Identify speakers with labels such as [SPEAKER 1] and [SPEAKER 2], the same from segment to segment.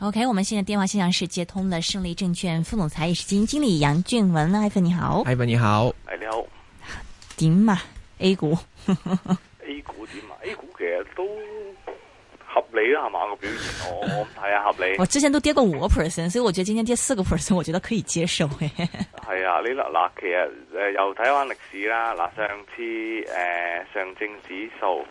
[SPEAKER 1] O、okay, K，我們現在電話線上是接通了勝利證券副總裁也是基金經理楊俊文，iPhone 你好，iPhone 你好，你好，點啊、哎、？A 股
[SPEAKER 2] ，A 股點啊？A 股其實都合理啦，係嘛個表現？我唔睇啊，合理。我之前
[SPEAKER 1] 都跌過五個 percent，所以我覺得今天跌四個 percent，我覺得可以接受
[SPEAKER 2] 嘅。係 啊，呢度嗱，其實誒又睇返歷史啦，嗱上次誒、呃、上證指數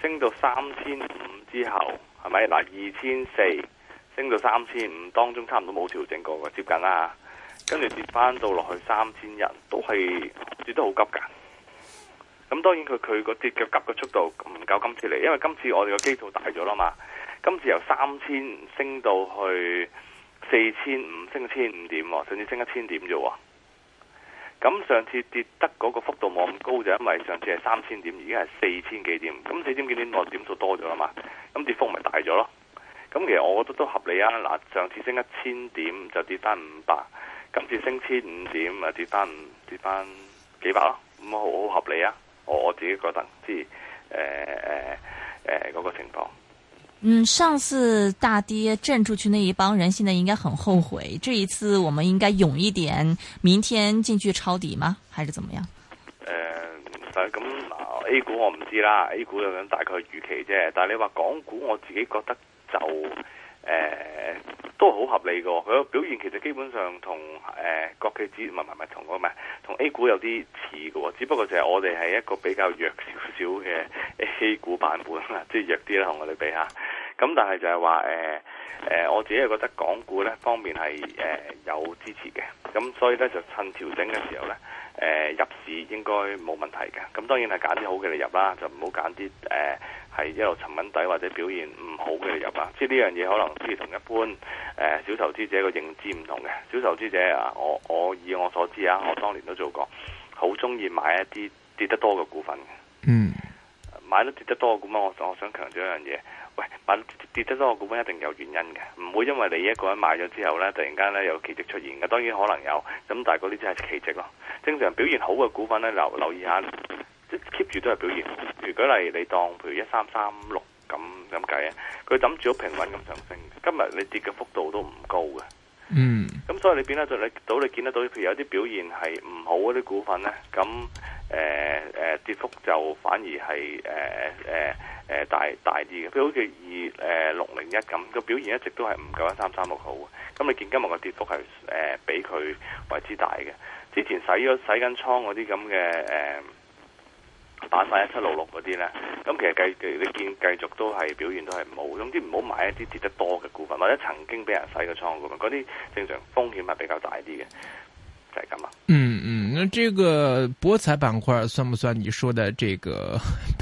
[SPEAKER 2] 升到三千五之後，係咪嗱二千四？升到三千五，當中差唔多冇調整過嘅，接近啦，跟住跌翻到落去三千一，都係跌得好急噶。咁當然佢佢個跌嘅急嘅速度唔夠今次嚟，因為今次我哋嘅基數大咗啦嘛。今次由三千升到去四千五，升一千五點，上次升一千點啫。咁上次跌得嗰個幅度冇咁高，就因為上次係三千點，而家係四千幾點，咁四千幾點我點數多咗啊嘛，咁跌幅咪大咗咯。咁其實我覺得都合理啊！嗱，上次升一千點就跌翻五百，今次升千五點啊跌翻跌翻幾百咯，咁啊好合理啊！我自己覺得，即係誒誒誒嗰個情況。
[SPEAKER 1] 嗯，上次大跌震出去那一幫人，現在應該很後悔。這一次我們應該勇一點，明天進去抄底嗎？還是怎麼樣？
[SPEAKER 2] 誒、嗯，就咁，A 股我唔知啦，A 股有樣大概預期啫。但係你話港股，我自己覺得。就誒、呃、都好合理喎、哦。佢嘅表現其實基本上同誒、呃、國企指唔係唔係同個咩？同 A 股有啲似㗎喎，只不過就係我哋係一個比較弱少少嘅 A 股版本啦，即 係弱啲啦，同我哋比下。咁但係就係話誒我自己覺得港股咧方面係、呃、有支持嘅，咁所以咧就趁調整嘅時候咧。呃、入市應該冇問題嘅。咁當然係揀啲好嘅嚟入啦，就唔好揀啲誒係一路沉穩底或者表現唔好嘅嚟入啦。即係呢樣嘢可能亦同一般誒小投資者個認知唔同嘅。小投資者啊，我我以我所知啊，我當年都做過，好中意買一啲跌得多嘅股份嘅。嗯，買得跌得多嘅股份，我我想強調一樣嘢。喂，跌得多嘅股份一定有原因嘅，唔會因為你一個人買咗之後呢，突然間呢有奇蹟出現嘅。當然可能有，咁但係嗰啲即係奇蹟咯。正常表現好嘅股份呢，留留意一下，keep 住都係表現。如果例如你當譬如一三三六咁咁計啊，佢枕住好平穩咁上升，今日你跌嘅幅度都唔高嘅。嗯，咁所以你變得到你見得到，譬如有啲表現係唔好嗰啲股份呢。咁。誒誒，跌幅就反而係誒誒誒，大大啲嘅，譬如好似二誒六零一咁，個表現一直都係唔夠一三三六好嘅。咁你見今日個跌幅係誒比佢為之大嘅。之前洗咗洗緊倉嗰啲咁嘅誒，板塊一七六六嗰啲咧，咁其實繼你見繼續都係表現都係唔好，總之唔好買一啲跌得多嘅股份，或者曾經俾人洗過倉嘅股份，嗰啲正常風險係比較大啲嘅，
[SPEAKER 3] 就係咁啊。嗯嗯。咁呢個博彩板塊算不算你說的這個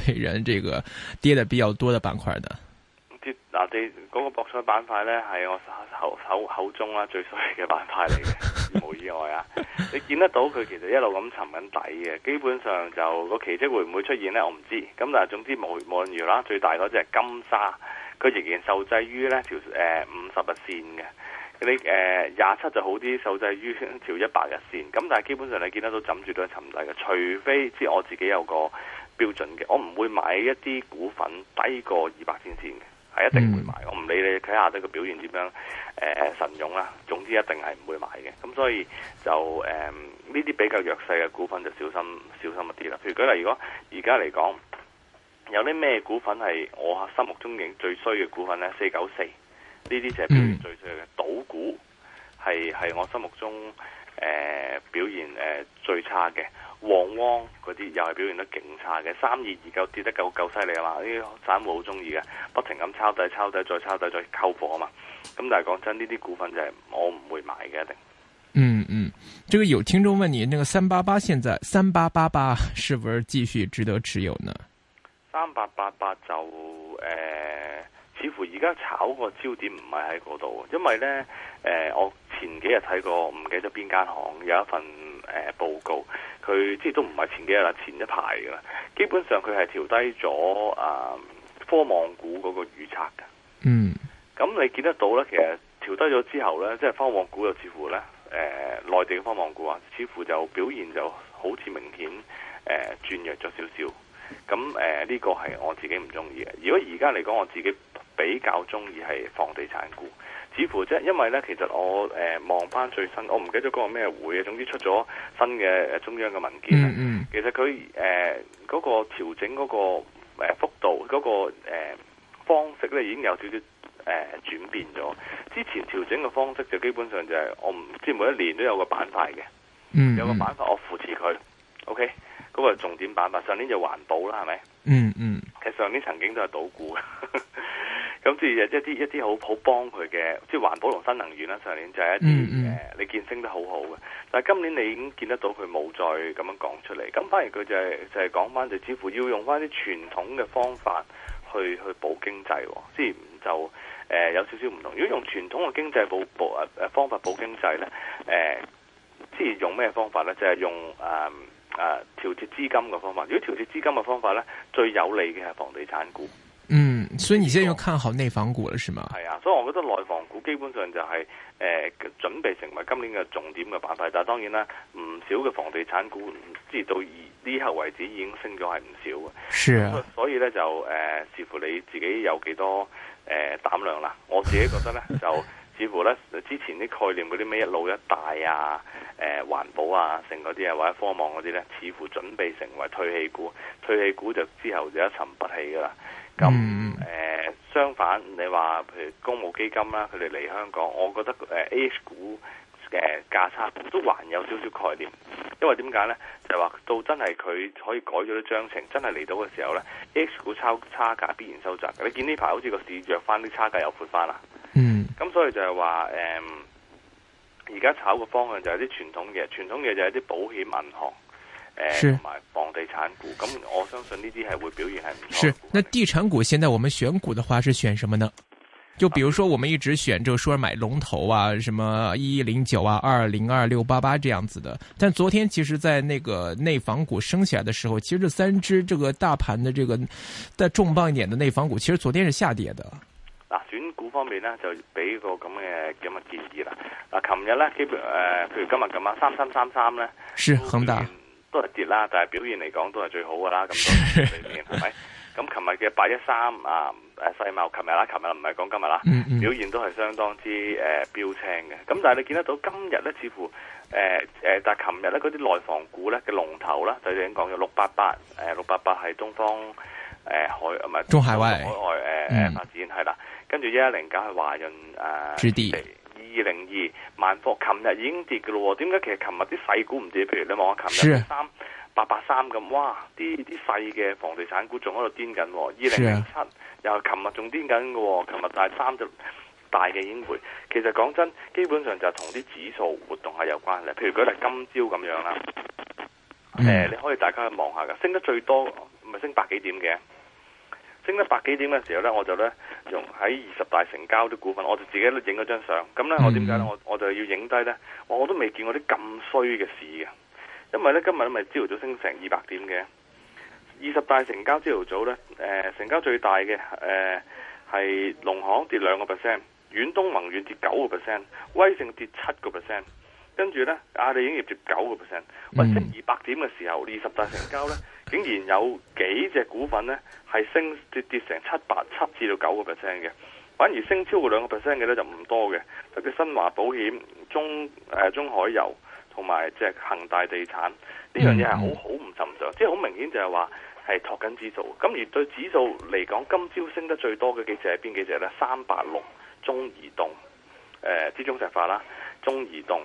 [SPEAKER 3] 被人這個跌得比較多的板塊呢？
[SPEAKER 2] 嗱，啲嗰個博彩板塊呢，係我口口口中啦最衰嘅板塊嚟嘅，無 意外啊！你見得到佢其實一路咁沉緊底嘅，基本上就個奇跡會唔會出現呢？我唔知道。咁但係總之無無論如何啦，最大嗰隻金沙，佢仍然受制於呢條誒五十日線嘅。你誒廿、呃、七就好啲，受制於朝一百日線。咁但係基本上你見得到枕住都係沉底嘅。除非即係我自己有個標準嘅，我唔會買一啲股份低過二百天線嘅，係一定唔會買。嗯、我唔理你睇下得個表現點樣，誒、呃、神勇啦。總之一定係唔會買嘅。咁所以就誒呢啲比較弱勢嘅股份就小心小心一啲啦。譬如舉例，如果而家嚟講有啲咩股份係我心目中認最衰嘅股份呢？四九四。呢、嗯、啲就係表現最最嘅賭股，係係我心目中誒、呃、表現誒、呃、最差嘅。旺旺嗰啲又係表現得勁差嘅，三二二九跌得夠夠犀利啊嘛！呢啲散戶好中意嘅，不停咁抄底、抄底再抄底再溝貨啊嘛！咁但係講真，呢啲股份就係我唔會買嘅。一定，
[SPEAKER 3] 嗯嗯，這個有聽眾問你，呢、那個三八八現在三八八八係唔係繼續值得持有呢？
[SPEAKER 2] 三八八八就。似乎而家炒個焦點唔係喺嗰度，因為呢，誒、呃，我前幾日睇過，唔記得邊間行有一份誒、呃、報告，佢即係都唔係前幾日啦，前一排噶啦。基本上佢係調低咗誒、啊、科網股嗰個預測噶。嗯，咁你見得到呢，其實調低咗之後呢，即係科網股就似乎呢誒、呃，內地嘅科網股啊，似乎就表現就好似明顯誒、呃、轉弱咗少少。咁、嗯、誒，呢、呃這個係我自己唔中意嘅。如果而家嚟講，我自己。比較中意係房地產股，似乎即係因為咧，其實我誒望翻最新，我唔記得嗰個咩會，總之出咗新嘅中央嘅文件。嗯嗯，其實佢誒嗰個調整嗰個誒幅度，嗰個誒方式咧已經有少少誒轉變咗。之前調整嘅方式就基本上就係我唔知每一年都有個板塊嘅，嗯嗯，有個板塊我扶持佢。OK，嗰個重點板塊上年就環保啦，係咪？嗯嗯，其實上年曾經都係倒股嘅。 咁即係一啲一啲好好幫佢嘅，即係環保同新能源啦。上年就係一啲誒、嗯嗯呃，你見升得好好嘅。但係今年你已經見得到佢冇再咁樣講出嚟。咁反而佢就係就係講翻，就是、似乎要用翻啲傳統嘅方法去去補經濟。即、哦、係就誒、呃、有少少唔同。如果用傳統嘅經濟補誒誒方法補經濟咧，誒、呃，即係用咩方法咧？就係、是、用誒誒調節資金嘅方法。如果調節資金嘅方法咧，最有利嘅係房地產股。
[SPEAKER 3] 所以你現在又看好內房股了，是嗎？係
[SPEAKER 2] 啊，所以我覺得內房股基本上就係、是、誒、呃、準備成為今年嘅重點嘅板塊。但係當然啦，唔少嘅房地產股唔知到而呢刻為止已經升咗係唔少嘅。是啊。所。所以咧就誒，視、呃、乎你自己有幾多誒、呃、膽量啦。我自己覺得咧 就視乎咧之前啲概念嗰啲咩一路一帶啊，誒、呃、環保啊，成嗰啲啊或者科網嗰啲咧，似乎準備成為退氣股。退氣股就之後就一沉不起噶啦。咁誒、呃、相反，你話譬如公募基金啦，佢哋嚟香港，我覺得誒、呃、A、AH、股嘅價差都還有少少概念，因為點解咧？就話、是、到真係佢可以改咗啲章程，真係嚟到嘅時候咧，A、AH、股抄差，差價必然收窄。你見呢排好似個市弱翻，啲差價又闊翻啦。嗯，咁所以就係話誒，而、呃、家炒嘅方向就係啲傳統嘅，傳統嘅就係啲保險銀行。是同埋房地產股，咁我相信呢啲係會表現係唔錯。是，
[SPEAKER 3] 那地產股現在我們選股的話是選什麼呢？就比如說我們一直選這個說買龍頭啊，什麼一一零九啊，二零二六八八這樣子的。但昨天其實，在那個內房股升起來的時候，其實這三隻這個大盤的這個，再重磅一點的內房股，其實昨天是下跌的。
[SPEAKER 2] 嗱，選股方面呢就俾個咁嘅咁嘅建議啦。嗱，琴日咧基本誒，譬如今日咁啊，三三三三呢
[SPEAKER 3] 是恒大。
[SPEAKER 2] 都係跌是都是啦，但係表現嚟講都係最好噶啦，咁多裏面係咪？咁琴日嘅八一三啊，誒，世貿琴日啦，琴日唔係講今日啦，表現都係相當之誒、呃、標青嘅。咁但係你見得到今日咧，似乎誒誒、呃呃，但係琴日咧嗰啲內房股咧嘅龍頭啦，就已經講咗六八八，誒，六八八係東方誒、呃、海唔係中海外海外誒發展係啦，跟住一一零九係華潤誒。嗯啊二零二萬科，琴日已經跌嘅咯喎，點解其實琴日啲細股唔跌？譬如你望下琴日三八八三咁，883，哇！啲啲細嘅房地產股仲喺度癲緊，二零零七又琴日仲癲緊嘅，琴日大三十大嘅已經回。其實講真，基本上就係同啲指數活動係有關嘅。譬如舉例今朝咁樣啦，
[SPEAKER 3] 誒、嗯呃，你
[SPEAKER 2] 可以大家去望下㗎，升得最多咪升百幾點嘅。升咗百幾點嘅時候呢，我就呢，用喺二十大成交啲股份，我就自己都影咗張相。咁呢、嗯、呢，我點解呢？我我就要影低呢。我我都未見過啲咁衰嘅事嘅。因為呢，今日咪朝頭早升成二百點嘅，二十大成交朝頭早呢，誒、呃、成交最大嘅誒係農行跌兩個 percent，遠東宏遠跌九個 percent，威勝跌七個 percent，跟住呢，亞利影業跌九個 percent，哇！升二百點嘅時候，嗯，二十大成交呢。竟然有幾隻股份呢，係升跌跌成七八七至到九個 percent 嘅，反而升超過兩個 percent 嘅咧就唔多嘅。特別新華保險、中、呃、中海油同埋即係恒大地產呢樣嘢係好好唔尋常，即係好明顯就係話係托緊指數。咁而對指數嚟講，今朝升得最多嘅幾隻係邊幾隻呢？三八六、中移動、誒、呃、之中石化啦、中移動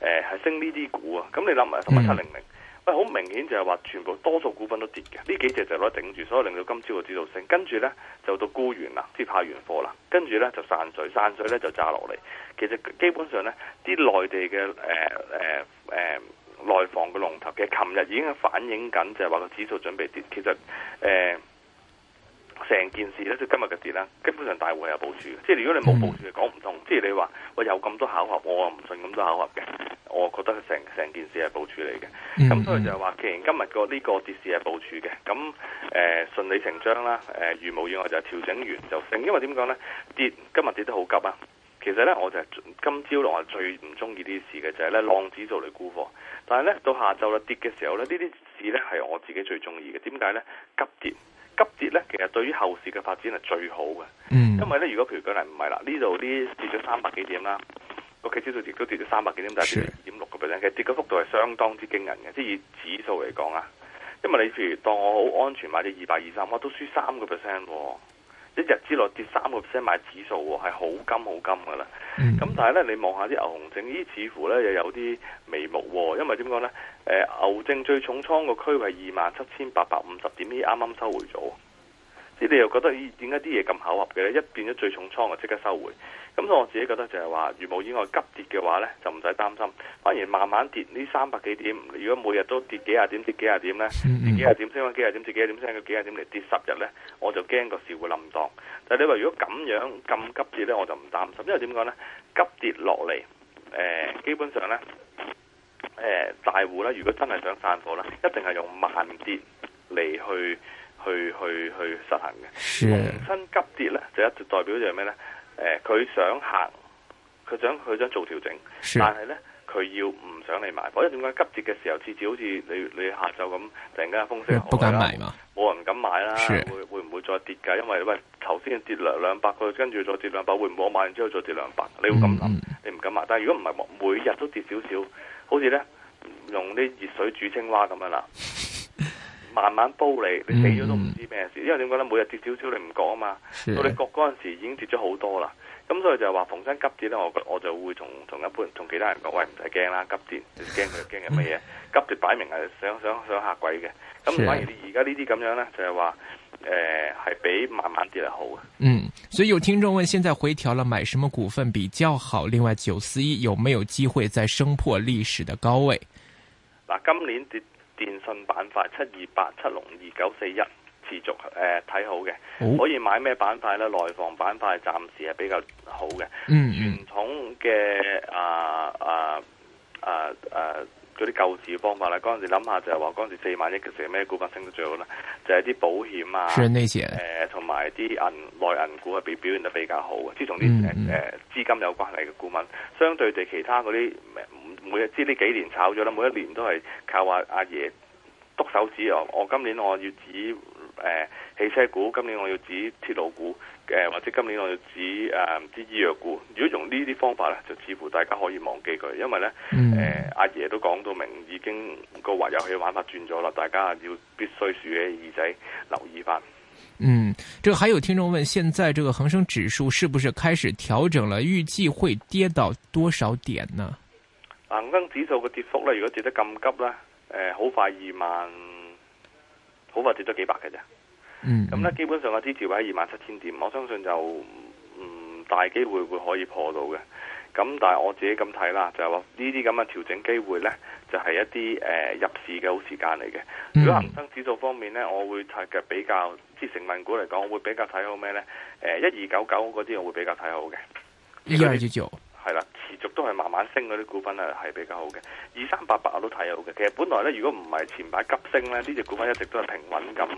[SPEAKER 2] 誒係、呃、升呢啲股啊。咁你諗埋同埋七零零。11700，嗯喂，好明顯就係話，全部多數股份都跌嘅，呢幾隻就攞頂住，所以令到今朝嘅指數升。跟住呢，就到沽完啦，即派完貨啦，跟住呢，就散水，散水呢，就炸落嚟。其實基本上呢，啲內地嘅誒誒誒內房嘅龍頭，其實琴日已經反映緊，就係話個指數準備跌。其實誒。呃成件事咧，即今日嘅跌啦，基本上大會是部係有部署嘅。即係如果你冇部署，講唔通。即係你話喂有咁多巧合，我又唔信咁多巧合嘅。我覺得成成件事係部署嚟嘅。
[SPEAKER 3] 咁、mm -hmm。所以就係
[SPEAKER 2] 話，既然今日個呢個跌市係部署嘅，咁誒、呃、順理成章啦。誒、呃，如無意外就調整完就升，因為點講咧？跌今日跌得好急啊！其實咧，我就係今朝落最唔中意啲事嘅，就係、是、咧浪子做嚟沽貨。但係咧到下晝咧跌嘅時候咧，呢啲事咧係我自己最中意嘅。點解咧？急跌。急跌咧，其實對於後市嘅發展係最好嘅，嗯，因為咧如果譬如可能唔係啦，呢度啲跌咗三百幾點啦，個期指數跌都跌咗三百幾點，但係跌零點六個 percent，其實跌嘅幅度係相當之驚人嘅，即係以指數嚟講啊，因為你譬如當我好安全買啲二百二三，我都輸三個 percent 喎。哦一日之內跌三個 percent 買指數喎，哦，係好金好金噶啦。咁，嗯、但係咧，你望下啲牛熊證，呢似乎咧又有啲眉目喎，哦。因為點講咧？誒、呃，牛證最重倉個區位二萬七千八百五十點，呢啱啱收回咗。即係你又覺得點解啲嘢咁巧合嘅咧？一變咗最重倉就即刻收回。咁我自己覺得就係話，如無意外急跌嘅話呢，就唔使擔心。反而慢慢跌呢三百幾點，如果每日都跌幾廿點、跌幾廿點呢？跌幾廿點升翻幾廿點，跌幾廿點升翻幾廿點嚟跌，跌，跌十日呢，我就驚個市會冧檔。但、就、係、是、你話如果咁樣咁急跌呢，我就唔擔心，因為點講呢？急跌落嚟、呃，基本上呢，誒、呃、大戶呢，如果真係想散貨呢，一定係用慢跌嚟去。去去去實行嘅，重新急跌咧就是、一直代表就係咩咧？誒、呃，佢想行，佢想佢想做調整，是但係咧佢要唔想你買貨，因為點解急跌嘅時候，次次好似你你下晝咁突然間風聲，唔敢買嘛？冇人敢買啦，會會唔會再跌噶？因為喂頭先跌兩百，個跟住再跌兩百，會唔會我買完之後再跌兩百、嗯？你會咁諗？你唔敢買。但係如果唔係，每日都跌少少，好似咧用啲熱水煮青蛙咁樣啦。 慢慢煲你，你死咗都唔知咩事。嗯，因為點解咧？每日跌少少，你唔覺啊嘛，到你覺嗰陣時已經跌咗好多啦。咁所以就係話逢親急跌咧，我我就會同同一般同其他人講，喂，欸，唔使驚啦，急跌，你驚佢驚係乜嘢？急跌擺明係想想想下季嘅。咁反而你而家呢啲咁樣咧，就係話誒，係、呃、比慢慢跌係好嘅。嗯，
[SPEAKER 3] 所以有聽眾問，現在回調了，買什麼股份比較好？另外，九四一有沒有機會再升破歷史嘅高位？
[SPEAKER 2] 嗱，今年跌。電信板塊七二八、七六二九四一持續誒睇、呃、好嘅，Oh. 可以買咩板塊咧？內房板塊暫時係比較好嘅。Mm -hmm. 傳統嘅啊啊嗰啲救市方法咧，嗰陣時諗下就係話，嗰陣時四萬億嘅時咩股份升得最好咧？就係、是、啲保險啊，誒，同埋啲銀內銀股係比表現得比較好嘅。自從啲誒資金有關係嘅股份，mm -hmm. 相對地其他嗰啲。每日知呢幾年炒咗啦，每一年都係靠阿阿爺篤手指。我我今年我要指誒、呃、汽車股，今年我要指鐵路股，誒、呃、或者今年我要指誒唔知醫藥股。如果用呢啲方法咧，就似乎大家可以忘記佢，因為咧誒阿爺都講到明，已經個話遊戲玩法轉咗啦。大家要必須豎起耳仔留意翻。嗯，
[SPEAKER 3] 這個、還有聽眾問：現在這個恒生指數是不是開始調整了？預計會跌到多少點呢？
[SPEAKER 2] 恒生指數嘅跌幅咧，如果跌得咁急咧，誒、呃，好快二萬，好快跌咗幾百嘅啫。嗯，咁咧基本上嘅支持位喺二萬七千點，我相信就唔大機會會可以破到嘅。咁但係我自己咁睇啦，就話呢啲咁嘅調整機會咧，就係、是、一啲誒、呃、入市嘅好時間嚟嘅、嗯。如果恒生指數方面咧，我會睇嘅比較，即成分股嚟講，我會比較睇好咩咧？誒，一二九九嗰啲我會比較睇好嘅。
[SPEAKER 3] 一二九九。
[SPEAKER 2] 係啦，持續都係慢慢升嗰啲股份啊，係比較好嘅。二三八八我都睇好嘅。其實本來咧，如果唔係前排急升咧，呢隻股份一直都係平穩咁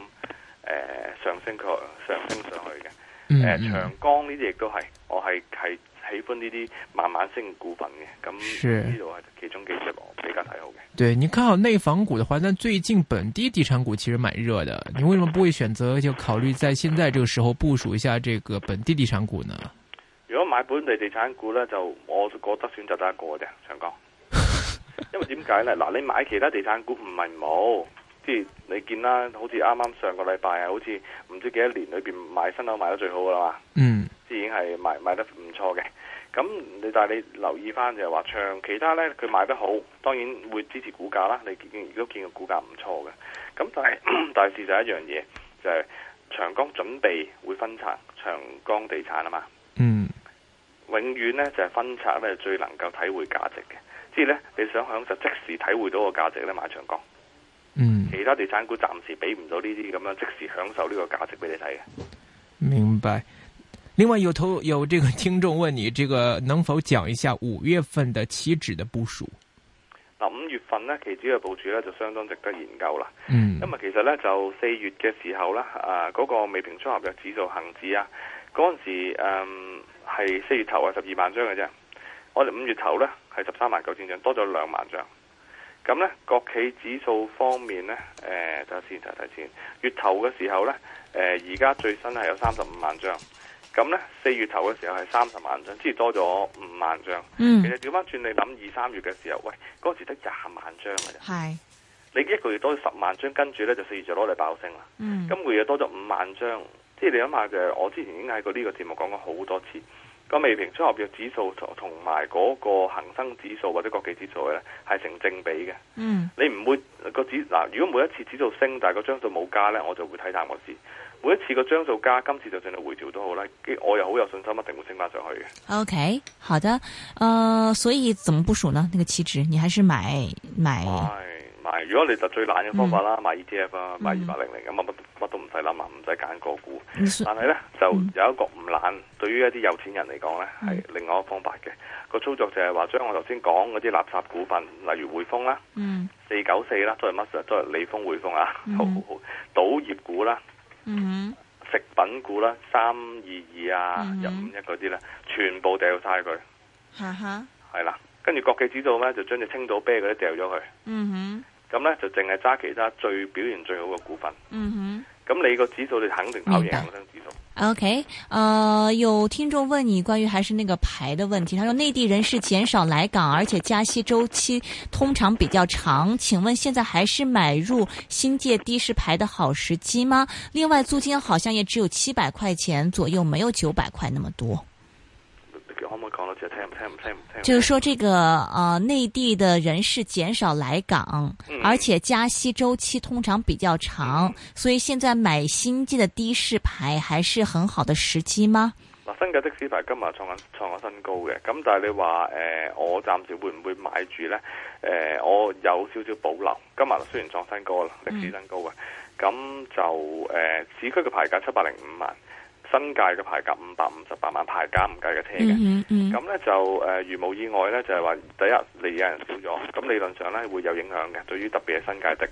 [SPEAKER 2] 誒上升，佢上升上去嘅。誒、嗯呃，長江呢啲亦都係我係係喜歡呢啲慢慢升嘅股份嘅。咁呢度係其中幾隻我比較睇好嘅。
[SPEAKER 3] 對你看好內房股嘅話，但最近本地地產股其實蠻熱嘅。你為什麼不會選擇就考慮在現在這個時候部署一下這個本地地產股呢？
[SPEAKER 2] 買本地地產股咧，就我覺得選擇得一個啫。長江，因為點解咧？嗱，你買其他地產股唔係唔好，即係你見啦，好似啱啱上個禮拜啊，好似唔知幾多年裏邊買新樓買得最好噶啦嘛。嗯，即係已經係買，買得唔錯嘅。咁你但係你留意翻就係話，長其他咧佢賣得好，當然會支持股價啦。你見都見過股價唔錯嘅，咁但係大事就一樣嘢，就係、是、長江準備會分拆長江地產啊嘛。永遠呢就係分拆呢，最能夠體會價值嘅，即係呢，你想享受即時體會到個價值呢？買長江，嗯，其他地產股暫時俾唔到呢啲咁樣即時享受呢個價值俾你睇嘅。
[SPEAKER 3] 明白。另外有頭有這個聽眾問你，這個能否講一下五月份的期指的部署？
[SPEAKER 2] 嗱，五月份呢期指嘅部署呢，就相當值得研究啦。嗯，因為其實呢，就四月嘅時候啦，啊嗰個未平綜合嘅指數恒指啊。嗰陣時，誒、嗯，係四月頭啊，十二萬張嘅啫。我哋五月頭咧，係十三萬九千張，多咗兩萬張。咁咧，國企指數方面咧，誒、呃，等下先，提下先。月頭嘅時候咧，誒、呃，而家最新係有三十五萬張。咁咧，四月頭嘅時候係三十萬張，即係多咗五萬張。嗯、mm.。其實調返轉，你諗二三月嘅時候，喂，嗰陣時得廿萬張嘅啫。係。你一個月多咗十萬張，跟住咧就四月就攞嚟爆升啦。嗯、mm.。今個月又多咗五萬張。即係你諗下就係，我之前已經喺過呢個節目講過好多次，出那個未平倉合約指數同埋嗰個恒生指數或者國企指數咧係成正比嘅。嗯，你唔會個指嗱，如果每一次指數升但係個張數冇加咧，我就會睇淡我字。每一次個張數加，今次就算係回調都好啦，我又好有信心一定會升翻上去
[SPEAKER 1] 嘅。OK，好的，呃，所以怎麼部署呢？那個期指，你還是買買。買
[SPEAKER 2] 買，如果你就最懶嘅方法啦、嗯，買 ETF 啊、嗯，買二百零零咁，乜乜乜都唔使諗啊，唔使揀個股，是但係呢，就有一個唔懶、嗯，對於一啲有錢人嚟講呢，係另外一個方法嘅個操作就係話將我頭先講嗰啲垃圾股份，例如匯豐啦、四九四啦，都係乜，都係利豐匯豐啊、嗯，好好好，賭業股啦、嗯，食品股啦，三二二啊，一五一嗰啲呢，全部掉晒佢，
[SPEAKER 1] 嗯、
[SPEAKER 2] 啊、啦，跟住國際指數呢，就將隻青島啤嗰啲掉咗佢，嗯咁呢就淨係揸其他最表現最好嘅股份。嗯哼。咁你個指數你肯定跑贏我想指
[SPEAKER 1] 數。O K，誒，有聽眾問你關於還是那個牌的問題，他說內地人士減少來港，而且加息周期通常比較長，請問現在還是買入新界低市牌的好時機嗎？另外租金好像也只有七百塊錢左右，沒有九百塊那麼多。就是說，這個呃內地的人士減少來港，而且加息周期通常比較長，所以現在買新界的的士牌還是很好的時機嗎？
[SPEAKER 2] 嗱，新界的士牌今日創創新高嘅，咁但係你話誒，我暫時會唔會買住呢？誒，我有少少保留。今日雖然創新高啦，歷史新高嘅，咁就誒，市區嘅牌價七百零五萬。新界嘅牌價五百五十八萬牌，牌價五計嘅車嘅，咁、mm、咧 -hmm, mm -hmm. 就誒、呃，如無意外咧，就係、是、話第一嚟嘅人少咗，咁理論上咧會有影響嘅。對於特別係新界的，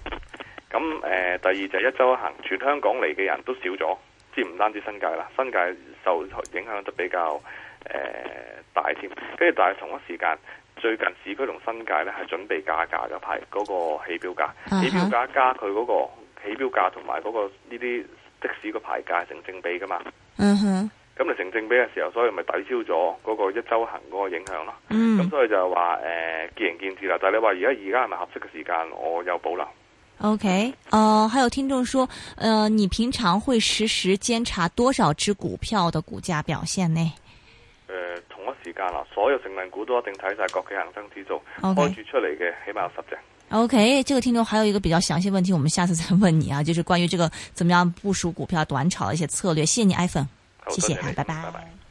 [SPEAKER 2] 咁誒、呃、第二就係一周一行，全香港嚟嘅人都少咗，即係唔單止新界啦，新界受影響就比較誒、呃、大添。跟住但係同一時間，最近市區同新界咧係準備加價嘅牌，嗰、那個起標價，uh -huh. 起標價加佢嗰個起標價同埋嗰個呢啲。即使個牌價成正比噶嘛，嗯哼，咁你成正比嘅時候，所以咪抵消咗嗰個一周行嗰個影響咯，嗯，咁所以就係話誒，見仁見智啦。但係、就是、你話而家而家係咪合適嘅時間，我有保留。
[SPEAKER 1] O K，哦，還有聽眾說，呃，你平常會實時，時監察多少支股票的股價表現呢？
[SPEAKER 2] 誒、呃，同一時間啦，所有成分股都一定睇晒國企恆生指數，O、okay、開住出嚟嘅起碼有十隻。
[SPEAKER 1] OK，這個聽眾還有一個比較詳細問題，我們下次再問你啊，就是關於這個怎麼樣部署股票短炒的一些策略。謝謝你，iPhone，okay，謝謝啊，拜拜。